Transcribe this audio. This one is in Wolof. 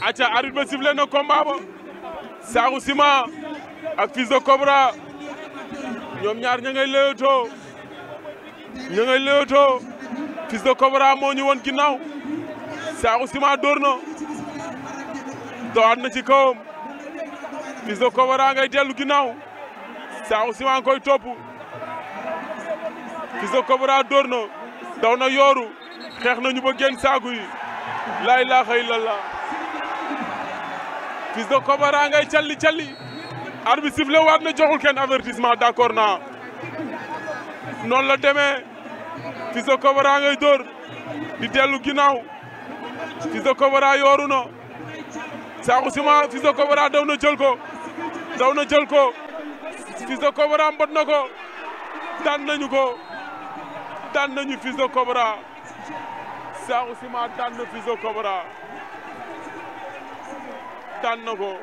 aca arbitre ba sifflé na combat ba Saaku Ciment ak Fils de Cobra ñoom ñaar ña ngay léewtoo ña ngay léewtoo Fils de Cobra moo ñu woon ginnaaw Saaku Ciment dóor na doxaat na ci kawam Fils de Cobra ngay dellu ginnaaw Saaku Ciment koy topp Fils de Cobra dóor na daw na yooru xeex nañu ba génn saaku yi laa ilaaha illallah Fils de Cobra ngay calli calli arbitre na joxul kenn avertissement d'accord naa noonu la demee Fils de Cobra di dellu ginnaaw Fils de Cobra yooru na Sakhou Ciment Fils de Cobra daw na jël ko daw na jël ko Fils de Cobra na ko daan nañu ko daan nañu Fils de Cobra Sakhou Ciment daan na Fils daan na ko